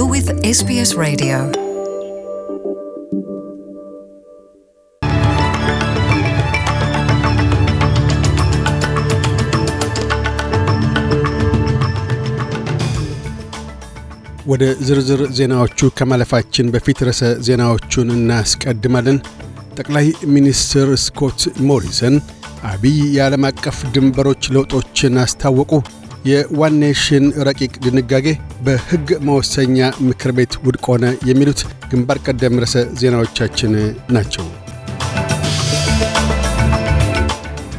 You're with SBS Radio. ወደ ዝርዝር ዜናዎቹ ከማለፋችን በፊት ርዕሰ ዜናዎቹን እናስቀድማለን። ጠቅላይ ሚኒስትር ስኮት ሞሪሰን አብይ የዓለም አቀፍ ድንበሮች ለውጦችን አስታወቁ። የዋን ኔሽን ረቂቅ ድንጋጌ በሕግ መወሰኛ ምክር ቤት ውድቅ ሆነ የሚሉት ግንባር ቀደም ርዕሰ ዜናዎቻችን ናቸው።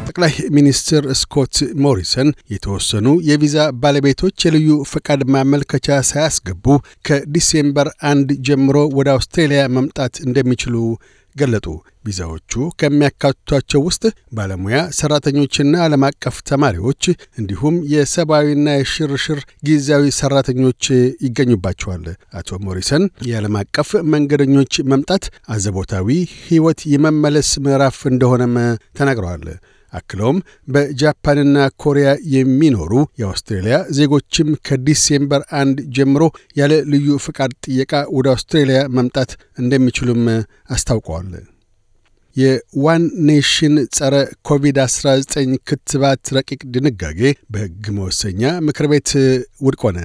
ጠቅላይ ሚኒስትር ስኮት ሞሪሰን የተወሰኑ የቪዛ ባለቤቶች የልዩ ፈቃድ ማመልከቻ ሳያስገቡ ከዲሴምበር አንድ ጀምሮ ወደ አውስትሬልያ መምጣት እንደሚችሉ ገለጡ። ቪዛዎቹ ከሚያካትቷቸው ውስጥ ባለሙያ ሰራተኞችና ዓለም አቀፍ ተማሪዎች እንዲሁም የሰብአዊና የሽርሽር ጊዜያዊ ሰራተኞች ይገኙባቸዋል። አቶ ሞሪሰን የዓለም አቀፍ መንገደኞች መምጣት አዘቦታዊ ሕይወት የመመለስ ምዕራፍ እንደሆነም ተናግረዋል። አክለውም በጃፓንና ኮሪያ የሚኖሩ የአውስትሬልያ ዜጎችም ከዲሴምበር አንድ ጀምሮ ያለ ልዩ ፍቃድ ጥየቃ ወደ አውስትሬልያ መምጣት እንደሚችሉም አስታውቀዋል። የዋን ኔሽን ጸረ ኮቪድ-19 ክትባት ረቂቅ ድንጋጌ በሕግ መወሰኛ ምክር ቤት ውድቅ ሆነ።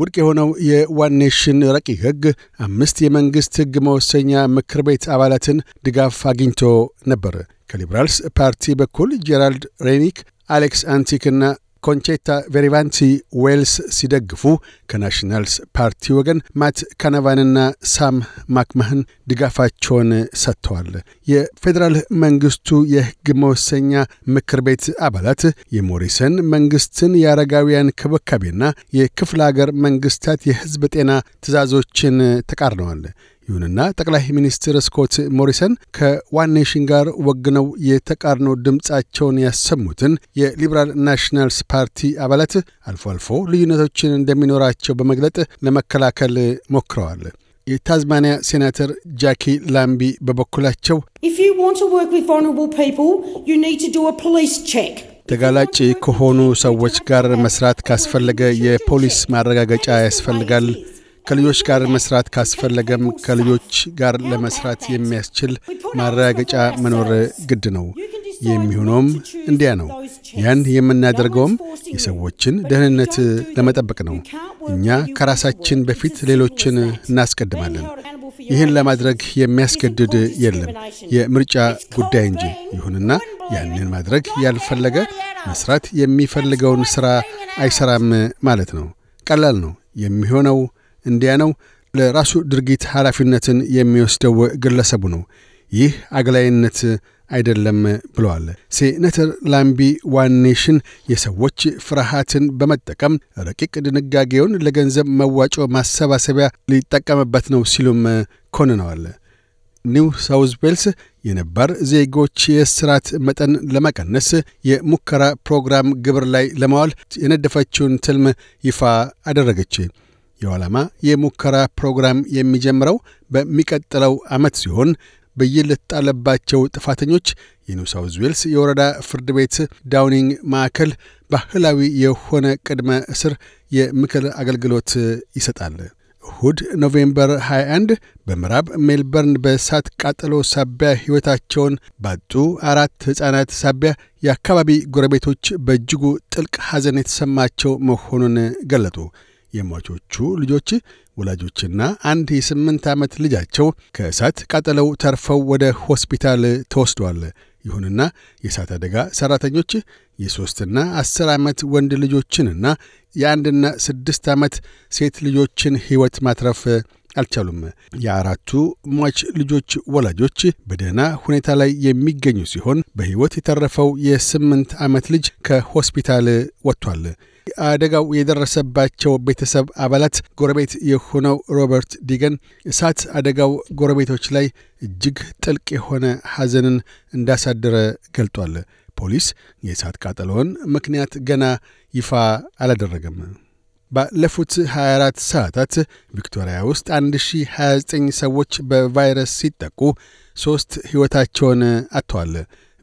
ውድቅ የሆነው የዋን ኔሽን ረቂቅ ሕግ አምስት የመንግሥት ሕግ መወሰኛ ምክር ቤት አባላትን ድጋፍ አግኝቶ ነበር። ከሊበራልስ ፓርቲ በኩል ጄራልድ ሬኒክ፣ አሌክስ አንቲክ እና ኮንቼታ ቬሪቫንቲ ዌልስ ሲደግፉ ከናሽናልስ ፓርቲ ወገን ማት ካናቫንና ሳም ማክማህን ድጋፋቸውን ሰጥተዋል። የፌዴራል መንግስቱ የሕግ መወሰኛ ምክር ቤት አባላት የሞሪሰን መንግስትን የአረጋውያን ክብካቤና የክፍለ አገር መንግስታት የሕዝብ ጤና ትእዛዞችን ተቃርነዋል። ይሁንና ጠቅላይ ሚኒስትር ስኮት ሞሪሰን ከዋን ኔሽን ጋር ወግነው የተቃርኖ ድምፃቸውን ያሰሙትን የሊበራል ናሽናልስ ፓርቲ አባላት አልፎ አልፎ ልዩነቶችን እንደሚኖራቸው በመግለጥ ለመከላከል ሞክረዋል። የታዝማኒያ ሴናተር ጃኪ ላምቢ በበኩላቸው ተጋላጭ ከሆኑ ሰዎች ጋር መስራት ካስፈለገ የፖሊስ ማረጋገጫ ያስፈልጋል። ከልጆች ጋር መስራት ካስፈለገም ከልጆች ጋር ለመስራት የሚያስችል ማረጋገጫ መኖር ግድ ነው። የሚሆነውም እንዲያ ነው። ያን የምናደርገውም የሰዎችን ደህንነት ለመጠበቅ ነው። እኛ ከራሳችን በፊት ሌሎችን እናስቀድማለን። ይህን ለማድረግ የሚያስገድድ የለም፣ የምርጫ ጉዳይ እንጂ። ይሁንና ያንን ማድረግ ያልፈለገ መስራት የሚፈልገውን ሥራ አይሰራም ማለት ነው። ቀላል ነው የሚሆነው እንዲያ ነው ለራሱ ድርጊት ኃላፊነትን የሚወስደው ግለሰቡ ነው። ይህ አግላይነት አይደለም ብለዋል። ሴነተር ላምቢ ዋን ኔሽን የሰዎች ፍርሃትን በመጠቀም ረቂቅ ድንጋጌውን ለገንዘብ መዋጮ ማሰባሰቢያ ሊጠቀምበት ነው ሲሉም ኮንነዋል። ኒው ሳውዝ ዌልስ የነባር ዜጎች የስራት መጠን ለመቀነስ የሙከራ ፕሮግራም ግብር ላይ ለማዋል የነደፈችውን ትልም ይፋ አደረገች። የዋላማ የሙከራ ፕሮግራም የሚጀምረው በሚቀጥለው ዓመት ሲሆን ብይን ጥፋተኞች የኒው ዌልስ የወረዳ ፍርድ ቤት ዳውኒንግ ማዕከል ባህላዊ የሆነ ቅድመ እስር የምክር አገልግሎት ይሰጣል። እሁድ ኖቬምበር 21 በምዕራብ ሜልበርን በእሳት ቃጠሎ ሳቢያ ሕይወታቸውን ባጡ አራት ሕፃናት ሳቢያ የአካባቢ ጎረቤቶች በእጅጉ ጥልቅ ሐዘን የተሰማቸው መሆኑን ገለጡ። የሟቾቹ ልጆች ወላጆችና አንድ የስምንት ዓመት ልጃቸው ከእሳት ቃጠለው ተርፈው ወደ ሆስፒታል ተወስዷል። ይሁንና የእሳት አደጋ ሠራተኞች የሦስትና አስር ዓመት ወንድ ልጆችንና የአንድና ስድስት ዓመት ሴት ልጆችን ሕይወት ማትረፍ አልቻሉም። የአራቱ ሟች ልጆች ወላጆች በደህና ሁኔታ ላይ የሚገኙ ሲሆን በሕይወት የተረፈው የስምንት ዓመት ልጅ ከሆስፒታል ወጥቷል። አደጋው የደረሰባቸው ቤተሰብ አባላት ጎረቤት የሆነው ሮበርት ዲገን እሳት አደጋው ጎረቤቶች ላይ እጅግ ጥልቅ የሆነ ሐዘንን እንዳሳደረ ገልጧል። ፖሊስ የእሳት ቃጠሎውን ምክንያት ገና ይፋ አላደረገም። ባለፉት 24 ሰዓታት ቪክቶሪያ ውስጥ 1029 ሰዎች በቫይረስ ሲጠቁ ሦስት ሕይወታቸውን አጥተዋል።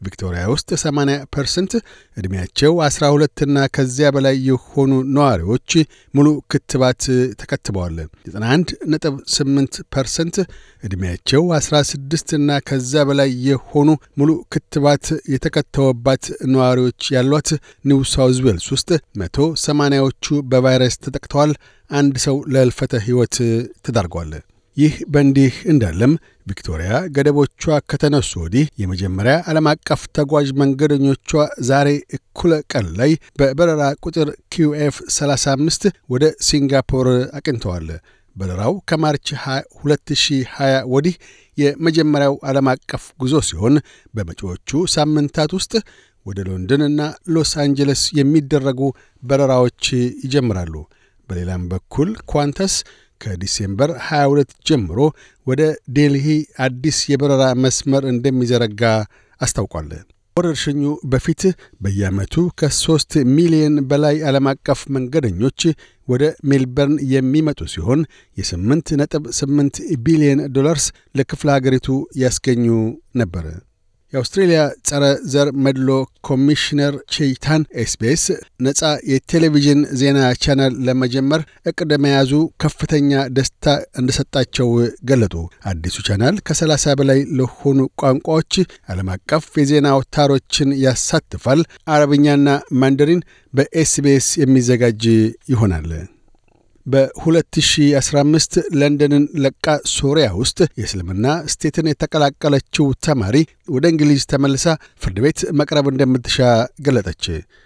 ቪክቶሪያ ውስጥ 80 ፐርሰንት ዕድሜያቸው 12ና ከዚያ በላይ የሆኑ ነዋሪዎች ሙሉ ክትባት ተከትበዋል። 91.8 ፐርሰንት ዕድሜያቸው 16ና ከዚያ በላይ የሆኑ ሙሉ ክትባት የተከተወባት ነዋሪዎች ያሏት ኒው ሳውዝ ዌልስ ውስጥ መቶ ሰማንያዎቹ በቫይረስ ተጠቅተዋል። አንድ ሰው ለሕልፈተ ሕይወት ተዳርጓል። ይህ በእንዲህ እንዳለም ቪክቶሪያ ገደቦቿ ከተነሱ ወዲህ የመጀመሪያ ዓለም አቀፍ ተጓዥ መንገደኞቿ ዛሬ እኩለ ቀን ላይ በበረራ ቁጥር ኪዩኤፍ 35 ወደ ሲንጋፖር አቅንተዋል። በረራው ከማርች 2020 ወዲህ የመጀመሪያው ዓለም አቀፍ ጉዞ ሲሆን በመጪዎቹ ሳምንታት ውስጥ ወደ ሎንደንና ሎስ አንጀለስ የሚደረጉ በረራዎች ይጀምራሉ። በሌላም በኩል ኳንተስ ከዲሴምበር 22 ጀምሮ ወደ ዴልሂ አዲስ የበረራ መስመር እንደሚዘረጋ አስታውቋል። ወረርሽኙ በፊት በየዓመቱ ከሦስት ሚሊዮን በላይ ዓለም አቀፍ መንገደኞች ወደ ሜልበርን የሚመጡ ሲሆን የ8 ነጥብ 8 ቢሊዮን ዶላርስ ለክፍለ አገሪቱ ያስገኙ ነበር። የአውስትሬልያ ጸረ ዘር መድሎ ኮሚሽነር ቼይታን ኤስቢኤስ ነጻ የቴሌቪዥን ዜና ቻናል ለመጀመር እቅድ መያዙ ከፍተኛ ደስታ እንደሰጣቸው ገለጡ። አዲሱ ቻናል ከ30 በላይ ለሆኑ ቋንቋዎች ዓለም አቀፍ የዜና አውታሮችን ያሳትፋል። አረብኛና ማንደሪን በኤስቢኤስ የሚዘጋጅ ይሆናል። በ2015 ለንደንን ለቃ ሶሪያ ውስጥ የእስልምና ስቴትን የተቀላቀለችው ተማሪ ወደ እንግሊዝ ተመልሳ ፍርድ ቤት መቅረብ እንደምትሻ ገለጠች።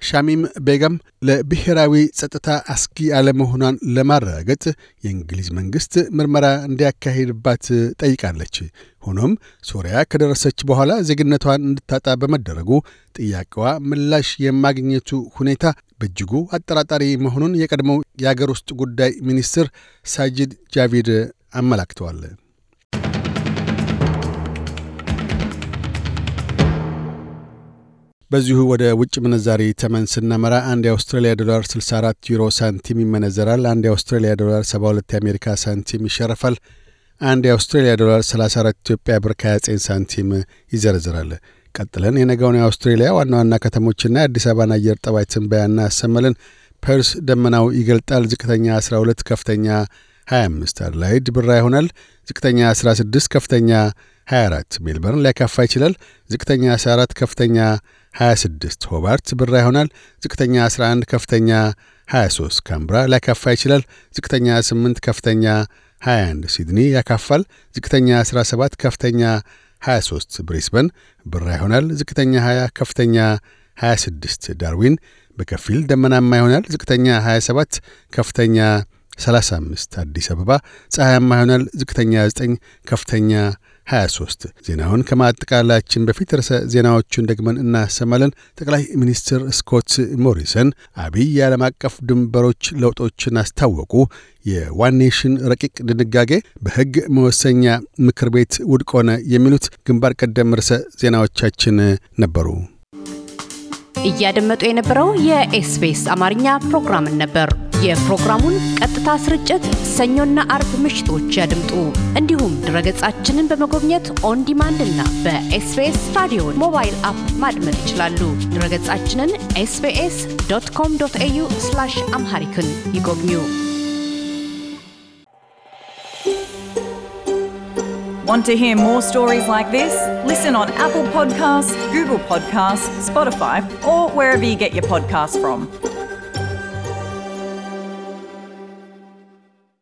ሻሚም ቤጋም ለብሔራዊ ጸጥታ አስጊ አለመሆኗን ለማረጋገጥ የእንግሊዝ መንግሥት ምርመራ እንዲያካሂድባት ጠይቃለች። ሆኖም ሶሪያ ከደረሰች በኋላ ዜግነቷን እንድታጣ በመደረጉ ጥያቄዋ ምላሽ የማግኘቱ ሁኔታ በእጅጉ አጠራጣሪ መሆኑን የቀድሞው የአገር ውስጥ ጉዳይ ሚኒስትር ሳጂድ ጃቪድ አመላክተዋል። በዚሁ ወደ ውጭ ምንዛሪ ተመን ስናመራ አንድ የአውስትራሊያ ዶላር 64 ዩሮ ሳንቲም ይመነዘራል። አንድ የአውስትራሊያ ዶላር 72 የአሜሪካ ሳንቲም ይሸረፋል። አንድ የአውስትራሊያ ዶላር 34 ኢትዮጵያ ብር ከ29 ሳንቲም ይዘረዝራል። ቀጥለን የነገውን የአውስትሬሊያ ዋና ዋና ከተሞችና የአዲስ አበባን አየር ጠባይ ትንበያና ያሰመልን። ፐርስ ደመናው ይገልጣል። ዝቅተኛ 12፣ ከፍተኛ 25። አድላይድ ብራ ይሆናል። ዝቅተኛ 16 ከፍተኛ 24 ሜልበርን ሊያካፋ ይችላል። ዝቅተኛ 14 ከፍተኛ 26 ሆባርት ብራ ይሆናል። ዝቅተኛ 11 ከፍተኛ 23 ካምብራ ሊያካፋ ይችላል። ዝቅተኛ 8 ከፍተኛ 21 ሲድኒ ያካፋል። ዝቅተኛ 17 ከፍተኛ 23 ብሪስበን ብራ ይሆናል። ዝቅተኛ 20 ከፍተኛ 26 ዳርዊን በከፊል ደመናማ ይሆናል። ዝቅተኛ 27 ከፍተኛ 35 አዲስ አበባ ፀሐያማ ይሆናል። ዝቅተኛ 9 ከፍተኛ 23 ዜናውን ከማጠቃላችን በፊት ርዕሰ ዜናዎቹን ደግመን እናሰማለን። ጠቅላይ ሚኒስትር ስኮት ሞሪሰን አብይ የዓለም አቀፍ ድንበሮች ለውጦችን አስታወቁ። የዋን ኔሽን ረቂቅ ድንጋጌ በሕግ መወሰኛ ምክር ቤት ውድቅ ሆነ። የሚሉት ግንባር ቀደም ርዕሰ ዜናዎቻችን ነበሩ። እያደመጡ የነበረው የኤስቢኤስ አማርኛ ፕሮግራምን ነበር። የፕሮግራሙን በቀጥታ ስርጭት ሰኞና አርብ ምሽቶች ያድምጡ። እንዲሁም ድረገጻችንን በመጎብኘት ኦን ዲማንድ እና ራዲዮ ሞባይል አፕ ማድመጥ ይችላሉ። ድረገጻችንን ዶት ኮም ዶት ኤዩ አምሃሪክን ይጎብኙ። Want to hear more stories like this? Listen on Apple Podcasts, Google Podcasts, Spotify, or wherever you get your podcasts from.